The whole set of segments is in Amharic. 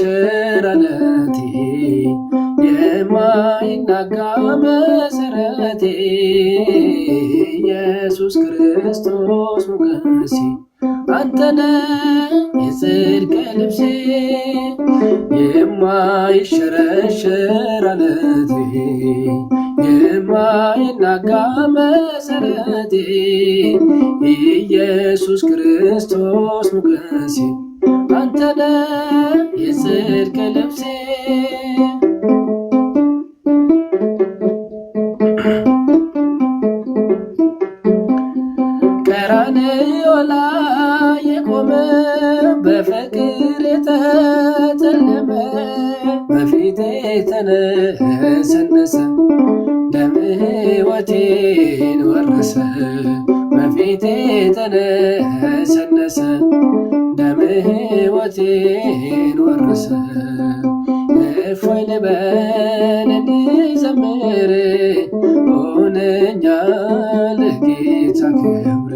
ቸርነቴ የማይናጋ መሰረቴ ኢየሱስ ክርስቶስ ሞገሴ አንተነ የጽድቅ ልብሴ የማይሸረሸር የማይናጋ መሰረቴ ኢየሱስ ክርስቶስ ሞገሴ አንተ ነህ የጽድቅ ልብሴ ቀራንዮ ላይ የቆመ በፍቅር የተተለመ በፊቴ የተነሰነሰ ደም ሕይወቴን ወረሰ በፊቴ የተነ እፎይ ልበል እንዘምር ሆነኛል ጌታ ክብር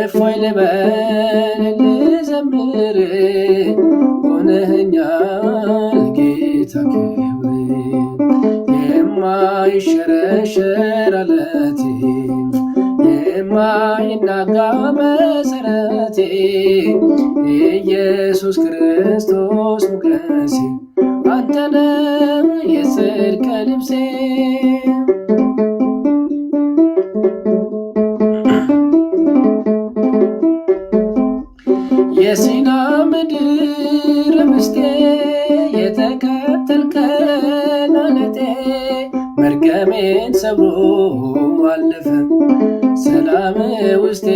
እፎይ ልበል እንዘምር ሆነኛል ጌታ ክብር የማይሸረሸር አለቴ የማይናጋ መሰረቴ ኢየሱስ ክርስቶስ ሞገሴ አንተነ የጽድቅ ልብሴ የሲና ምድር ምስቴ የተከተልከን መርገሜን ሰብሮ አለፈ ሰላም ውስጤ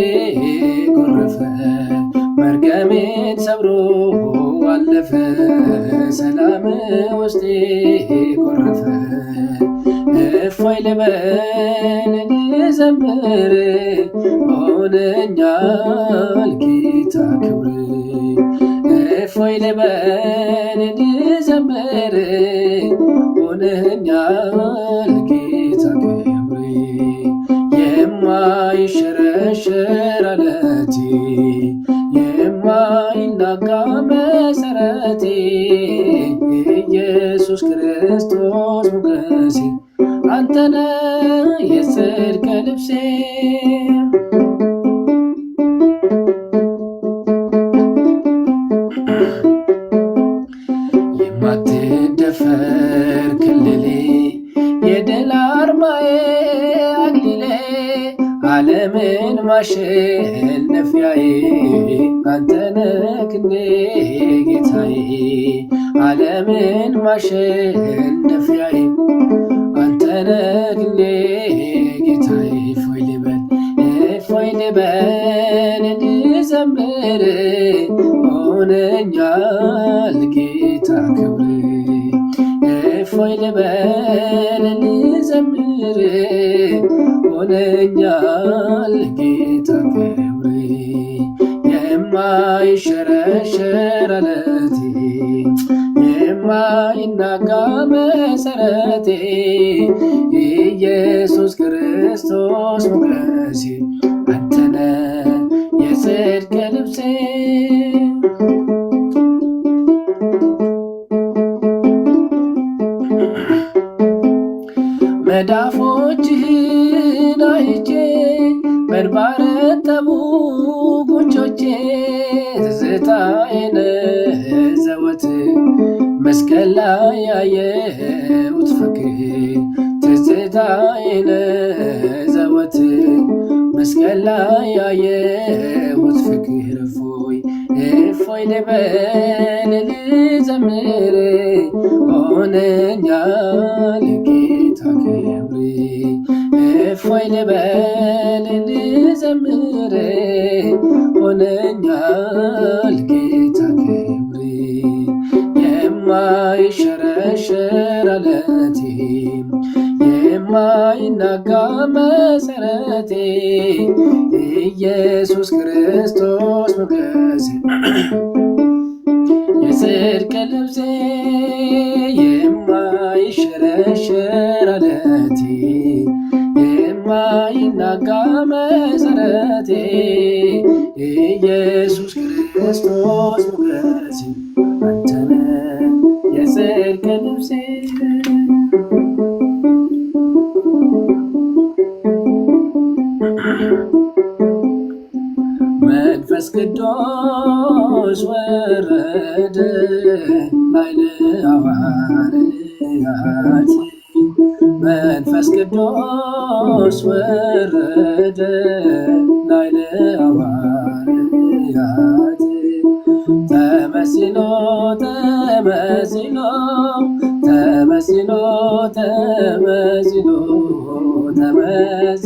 ጎረፈ፣ መርገሜን ሰብሮ አለፈ። ሰላም ውስጤ ጎረፈ፣ እፎይ ልበል ልዘምር፣ ሆነኛል ጌታ ክብር። እፎይ ልበል ልዘምር፣ ሆነኛል ሰማይ ይሸረሸር አለቴ የማይናጋ መሰረቴ ኢየሱስ ክርስቶስ ሞገሴ አንተነ የጽድቅ ልብሴ የማትደፈር ግማሽ እልነፊያዬ አንተ ነህ ክንዴ ጌታዬ ዓለምን ማሸነፊያዬ አንተ ነህ ጌታዬ እፎይ ልበል እፎይ ልበል እንዘምር ሆነኛል ጌታ ክብር እፎይ ልበል እንዘምር ያድነኛል ጌታ ክብሬ የማይሸረሸር አለቴ የማይናጋ መሰረቴ ኢየሱስ ክርስቶስ ሞገሴ አንተነ የጽድቅ ልብሴ መዳፎችህ ባረጠቡ ጉንጮቼ ትዝታዬን ዘወትር መስቀል ላይ ያየሁት ፍቅር ትዝታዬን ዘወትር መስቀል ላይ ያየሁት ፍቅር እፎይ እፎይ ልበል ልዘምር ሆነኛል ጌታ ክብር እፎይ ልበል ልዘምር ሆነኛል ጌታ ክብሬ የማይሸረሸር አለቴ የማይናጋ መሰረቴ ኢየሱስ ክርስቶስ ሞገሴ የጽድቅ ልብሴ የማይሸረሸር ባይናጋ መሰረቴ ኢየሱስ ክርስቶስ የጽድቅ ልብሴ መንፈስ ቅዱስ ወረደ ባይለ መንፈስ ቅዱስ ወረደ ላይለ አዋርያት ተመስሎ ተመስሎ ተመስሎ ተመስሎ ተመስ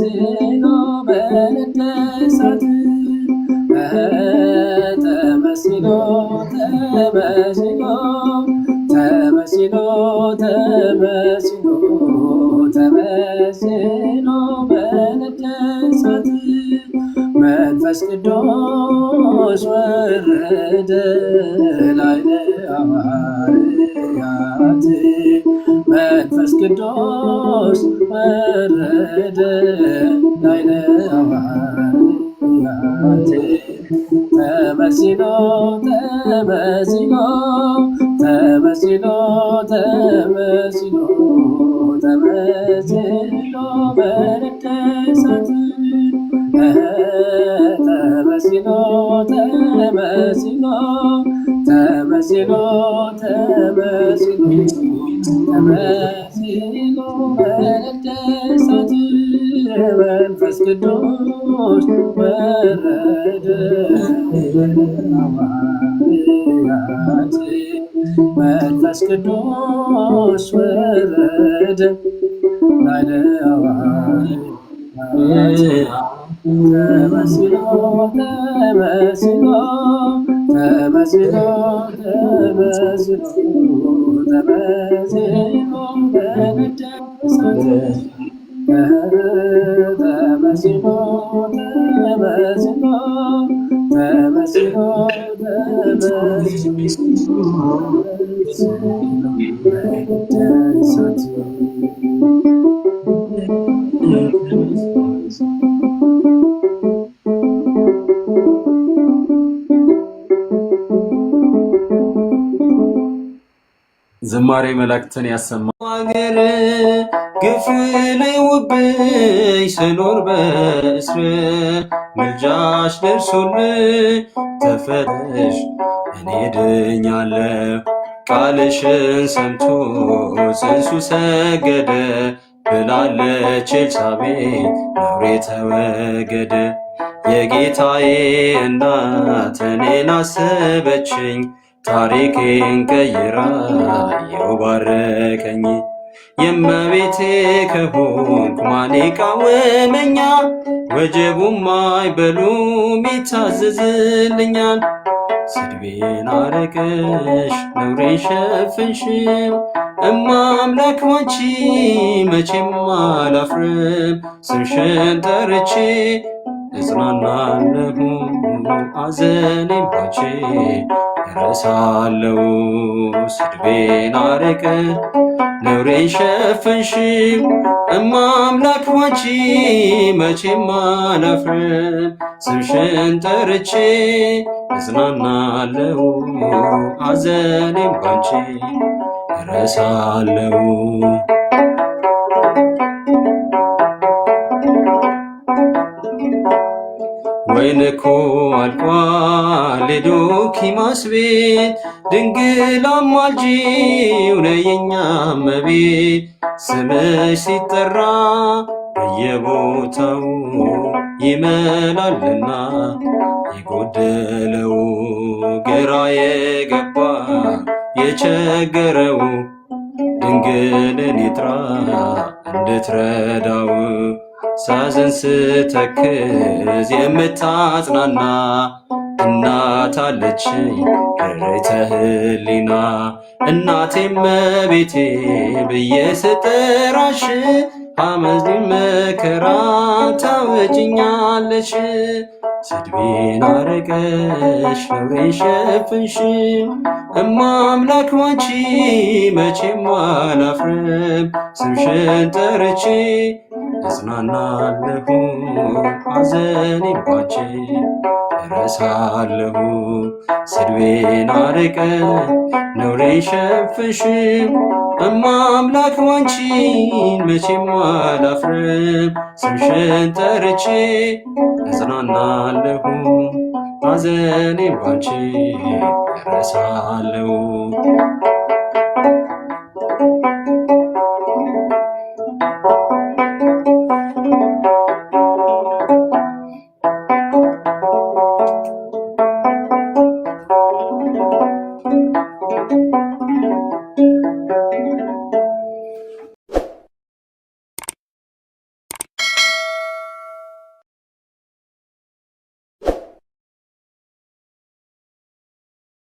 መንፈስ ቅዱስ ወረደ ላይነ አማርያት መንፈስ ቅዱስ ወረደ ላይነ አማርያት ተመስሎ ተመስሎ ተመስሎ ተመስሎ ተመስሎ በደሳት ተመስሎ ተመስሎ ተመስሎ ተመስሎ በደሳት መንፈስ ቅዱስ ወረደ አዋርያት መንፈስ ቅዱስ ወረደ ላለ አዋርያት ተመስሎ ተመስሎ ተመስሎ ተመስሎ ዝማሬ መላእክትን ያሰማ ሀገር ግፍልይ ውብይ ስኖር በእስር ምልጃሽ ደርሶልኝ ተፈረሽ እኔ ድኛለሁ። ቃልሽን ሰምቶ ጽንሱ ሰገደ ብላለች ኤልሳቤጥ ነውሬ ተወገደ። የጌታዬ እናት እኔን አሰበችኝ ታሪኬን ቀይራ የባረከኝ የመቤቴ ከሆንኩ ማን ቃወመኛ ወጀቡም አይበሉም ይታዘዝልኛል። ስድቤን አረቀሽ ነውሬን ሸፈንሽም እማምላክ ባንቺ መቼም አላፍርም ስምሽን ጠርቼ እጽናናለሁ ሐዘኔን ባንቺ እረሳለሁ። ስድቤን አርቀሽ ነውሬን ሸፈንሽው እማ አምላክ ባንቺ መቼም አላፍርም። ስምሽን ጠርቼ እጽናናለሁ ሐዘኔን ባንቺ እረሳለሁ። ወይንኮ አልቋል ዶኪማስ ቤት ድንግል አማልጂው ነይኛ እመቤት ስምሽ ሲጠራ በየቦታው ይመላልና የጎደለው ግራ የገባ የቸገረው ድንግልን ይጥራ እንድትረዳው ሳዝን ስተክዝ የምታጽናና እናት አለች እሬተ ህሊና እናቴ እመቤቴ ብዬ ስጠራሽ አመዚ መከራ ታወጭኛለሽ ስድቤን አረቀሽ ነውሬን ሸፍንሽ እማ አምላክ ባንቺ መቼም አላፍርም ስምሽን ጠርቼ እጽናናለሁ ሐዘኔባቼ እረሳለሁ ስድቤን አርቀ ነውሬ ሸፍሽ እማ አምላክ ዋንቺን መቼም አላፍርም ስምሽን ጠርቼ እጽናናለሁ ሐዘኔባቼ እረሳለሁ